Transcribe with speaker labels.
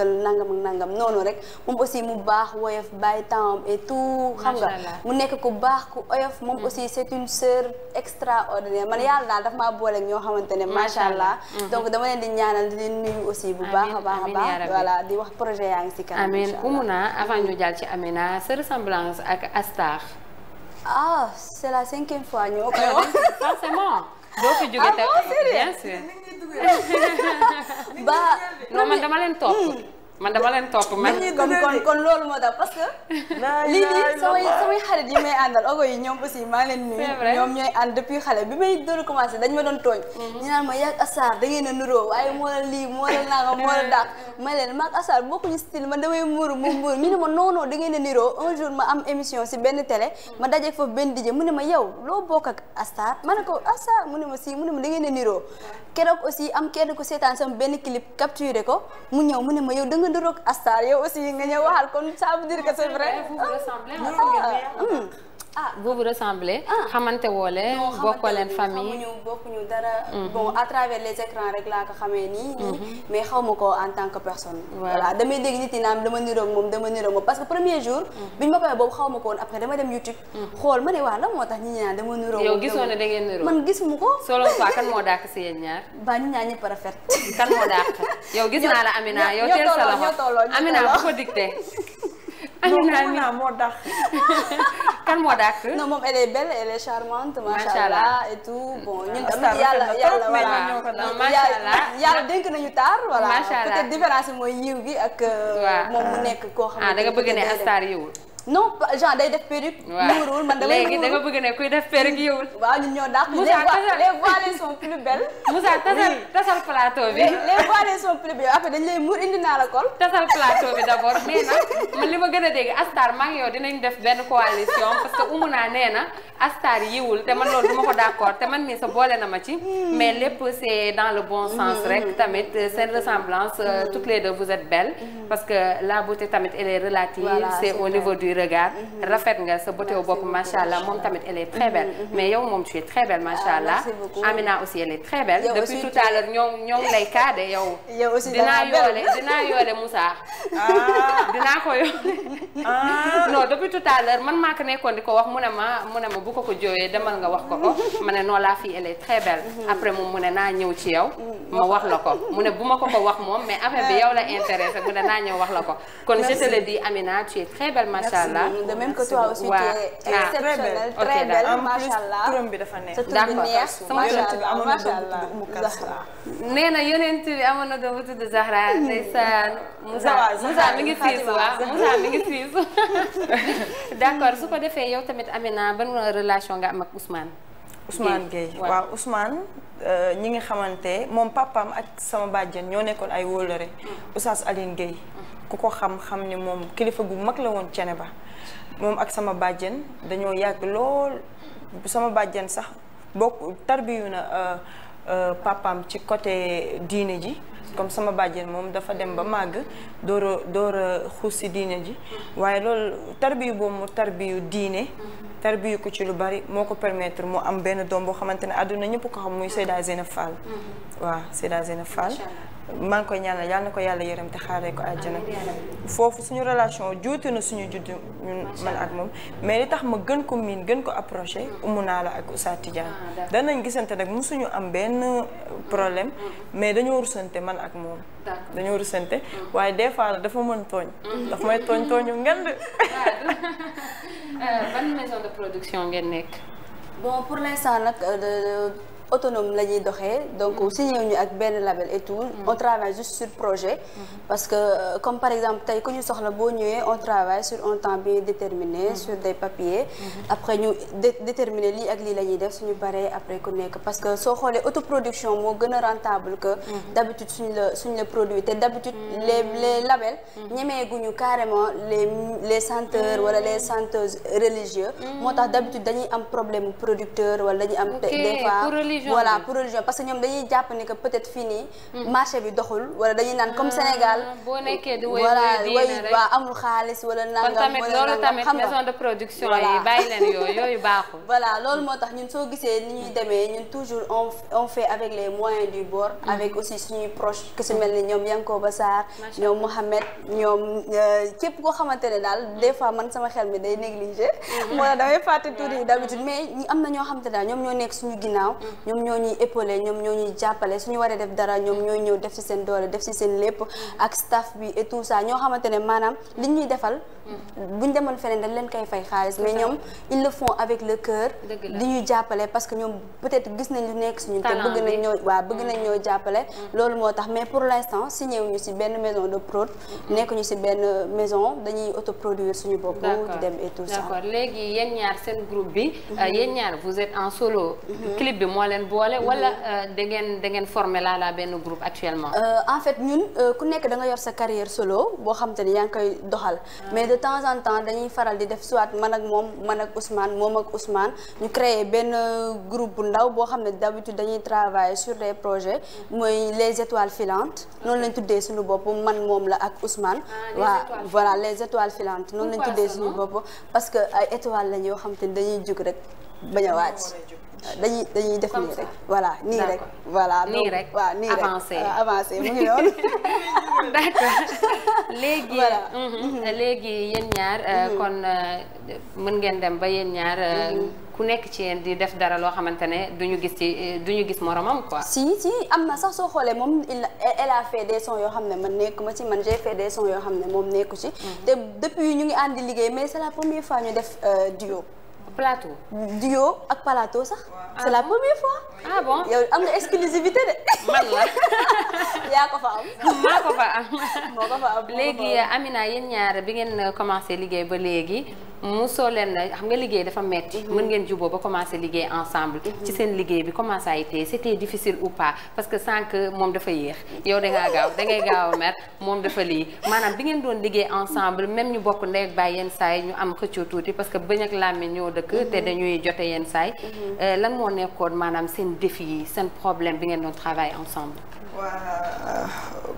Speaker 1: nangam ak nangam noonu rek moom aussi mu baax woyof bàyyi tam et tout xam nga mu nekk ko baax ku oyof moom mm. aussi c'est une sœur extraordinaire man yàlla daal daf maa boole ñoo xamante ne macha allah mm-hmm. donc dama leen di ñaanal di leen nuyu aussi bu baax a baax a baax voilà di wax projet yaa ngi si kanam amiin
Speaker 2: Oumouna avant ñu jàll ci Amina sa ressemblance ak Astar
Speaker 1: ah c'est la cinquième fois ñoo ko
Speaker 2: forcément boo ko jógee
Speaker 1: ah, non man dama
Speaker 2: leen topp mm. man dama leen topp man kon loolu moo tax parce que. lii nii samay samay
Speaker 1: xarit yi may àndal ogo yi ñoom aussi maa leen nuyu. ñoom ñooy ànd depuis xale bi may doon commencé dañ ma doon tooñ. Mm-hmm. ñu naan ma yàgg Assar da ngeen a waaye moo la lii moo la nangam moo la dàq. ma leen maag Assar bokkuñu style man damay muur mu muur ñu ne ma non non da a niroo un jour ma am émission si benn télé. Mm-hmm. ma daje foofu benn DJ mu ne ma yow loo bokk ak Assar ma mu ne ma si mu ma da ngeen a niroo keroog aussi kenn ko seetaan sama benn clip capturé ko
Speaker 2: nduroog Astar yow aussi nga ñëw waxal kon ça veut dire que c'est ah vous vous ressemblez. Ah. xamante woo leen. bokkoo leen famille xamuñu
Speaker 1: ñu dara. Mm-hmm. travers les écrans rek laa xamee nii. Mm-hmm. mais xaw ma ko en tant que personne. voilà damay dégg nit ñi naan dama niroog moom dama niroog moom parce que premier jour. Mm-hmm. biñ ma koy boobu xaw ma ko woon après dama dem YouTube. xool tax ñu naan dama niroog. yow gisoon na da ngeen niroog man ko.
Speaker 2: selon toi kan moo dàq si yéen ñaar.
Speaker 1: ba ñu ñaan ñëpp rafet.
Speaker 2: kan moo dàq yow gis Amina yow teel sa loxo Amina bu ko dicté. Amina moo dàq kan moo dàkk. non moom elle est
Speaker 1: belle elle est charmante. macha allah et tout bon ñun tamit yàlla yàlla voilà yàlla dénk nañu taar. voilà peut-être différence bi ak. Euh, moom mu nekk koo xam ne ah, da nga bëgg ne astar yiwul. non genre de def
Speaker 2: perruque. muurul man damay muurul da nga bëgg ne kuy def perruque yiwul.
Speaker 1: waaw ñun ñoo dàq. Moussa tasal les voilées sont plus belles.
Speaker 2: Moussa tasal tasal plateau bi. les voilées sont plus belles après dañ lay kol. tasal plateau bi d' abord man li ma gën a dégg Astar maa ngi yow dinañ def benn coalition parce que umu naa nee na Astar yiwul te man loolu du ma ko d' accord te man mii sa boole na ma ci. mais lépp c' est dans le bon sens rek tamit euh, seen ressemblance euh, toutes les deux vous êtes belles. parce que la du regard mm-hmm. rafet nga sa bëteew bopp macha allah moom tamit elle est très belle mm-hmm, mm-hmm. mais yow moom tu es très belle macha ah, allah Amina aussi elle est très belle depuis tout à l'heure ñoo ñoo ngi lay kaade yow dinaa yoole dinaa yoole Moussa dinaa ko yoole non depuis tout man maa ko nekkoon di ko wax mu ne ma mu ne ma bu ko ko jooyee demal nga wax ko ko ma ne non la fille elle est belle après moom mu ne naa ñëw ci yow ma wax la ko mu ne bu ma ko ko wax moom mais affaire bi ah. yow la intéressé wax la ko allah de même que bi dafa neex. sama yonent bi amoon na doom bu tudd na amoon na doom bu tudd Zahra ndeysaan. waaw su ko defee yow tamit relation nga am ak Ousmane. Ousmane Gueye waaw Ousmane
Speaker 1: euh, ñi ngi xamante moom papam ak sama bàjjen ñoo nekkoon ay wóolare mm. Oustaz Aline Gueye. ku ko xam-xam ne moom kilifa gu mag la woon cene ba moom ak sama bàjjen dañoo yàgg lool sama bàjjan sax bokk tarbiyu na euh, euh, papaam ci côté diine ji comme sama bàjjen moom dafa dem ba màgg door a door a xuus si diine ji waaye loolu tarbiyu boobu mu tarbiyu diine tarbiyu ko ci lu bari moo ko permettre mu am benn doom boo xamante ne àdduna ñëpp ko xam muy Seyda Zeynab Fall mm-hmm. waaw Seyda Zeynab Fall maa ngi koy ñaanal yal na ko yàlla yërëm te xaaree ko àjjana foofu suñu relation juuti na suñu judd ñun man ak moom mais li tax ma gën ko miin gën ko approché umu naa la ak Oustaz Tidiane ah, danañ gisante nag suñu am benn problème mais dañoo rusante man ak moom dañoo rusante mm. waaye
Speaker 2: des fois dafa mën tooñ mm. dafa may tooñ tooñu ngand euh, ban production ngeen nekk
Speaker 1: autonome la ñuy doxee donc mm-hmm. signé ñu ak benn label et tout mm-hmm. on travaille juste sur projet mm-hmm. parce que euh, comme par exemple tey ku ñu soxla boo ñëwee on travaille sur un temps bien déterminé sur des papiers après ñu déterminer lii ak lii la ñuy def suñu baree après ku nekk parce que soo xoolee autoproduction moo gën rentable que d'habitude suñu la suñu la produit te d'habitude les les labels ñemeeguñu carrément les les chanteurs wala les chanteuses religieuses moo tax d'habitude dañuy am problème producteur wala dañuy am religion voilà pour religion parce que ñoom dañuy jàpp ni que peut-être fii nii hmm. marché bi doxul wala dañuy naan comme ah, Sénégal boo nekkee di woy voilà woy waa amul xaalis wala nangam kon loolu moo tax ñun soo gisee ni ñuy demee ñun toujours on on fait avec les moyens du bord hmm. avec aussi suñuy proches que su mel ni ñoom Yankoba Sarr ñoom Mohamed ñoom euh, képp koo xamante ne daal hmm. des fois man sama xel mi day négligé moo la damay fàtte tuuti d'habitude mais am na ñoo xamante ne daal ñoom ñoo nekk suñu ginnaaw ñoom ñoo ñuy épaulé ñoom ñoo ñuy jàppale suñu waree def dara ñoom ñooy ñëw def ci seen doole def ci seen lépp ak staff bi et tout ça ñoo xamante ne maanaam li ñuy defal buñ demoon feneen dañ leen koy fay xaalis mais ñoom ils le font avec le cœur li ñuy jàppale parce que ñoom peut-être gis nañ ñu nekk suñu te bëgg nañ ñoo waa bëgg mm. ñoo jàppale mm. loolu moo tax mais pour l'instant signé wuñu ci benn maison de prod mm. nekk ñu ci benn maison dañuy autoproduire suñu bopp di dem et tout ça d'accord
Speaker 2: léegi yéen ñaar seen groupe bi mm-hmm. yéen ñaar vous êtes mm-hmm. bi moo leen boole wala euh, da ngeen da ngeen formé laa la benn groupe actuellement
Speaker 1: euh, en fait ñun euh, ku nekk danga yor sa carrière solo boo xam te ne yaa ngi koy doxal ah. mais de temps en temps dañuy faral di def soit man ak moom man ak Ousmane moom ak Ousmane ñu créer benn groupe bu ndaw boo xam ne d'habitude dañuy travailler sur des projets mooy les étoiles filantes noonu lañ tuddee suñu bopp man moom la ak Ousmane ah, waa voilà les étoiles filantes noonu lañ tuddee suñu bopp parce que ay étoiles lañ yoo xam te ne dañuy jóg rek bañ a wàcc dañuy dañuy def nii rek voilà nii rek voilà nii rek waaw nii avancé avancé mu ngi noonu
Speaker 2: d'accord léegi mhm. Mhm. léegi ñaar euh, mhm. kon euh, mën ngeen dem ba yéen ñaar euh, ku nekk ci yéen di def dara loo xamante ne duñu gis ci duñu gis moromam quoi si
Speaker 1: si am na sax soo xoolee moom il elle a fait des sons yoo xam ne man ma ci man j'ai fait des sons yoo xam ne moom nekku ci te depuis ñu ngi àndi liggéey mais c'est la première fois ñu def duo plateau. duo ak plateau sax. Ah. c'est la première fois. ah bon yow am de. man la. yaa ko fa am. maa ko fa am. moo ko fa
Speaker 2: am léegi Amina yéen ñaar bi ngeen commencé liggéey ba léegi. mu soo leen xam nga liggéey dafa metti mhm. mën ngeen juboo ba commencé liggéey ensemble mhm. ci seen liggéey bi comment ça a été c'était difficile ou pas parce que sànq moom dafa yéex yow da ngaa gaaw da ngay gaaw a mer moom dafa lii maanaam bi ngeen doon liggéey ensemble même ñu bokk ndey ak baay yenn saay ñu am xëccoo tuuti parce que bañ ak làmmiñ ñoo dëkk mhm. te dañuy jote yenn saay euh, lan moo nekkoon maanaam seen défi yi seen problème bi ngeen doon travail ensemble waaw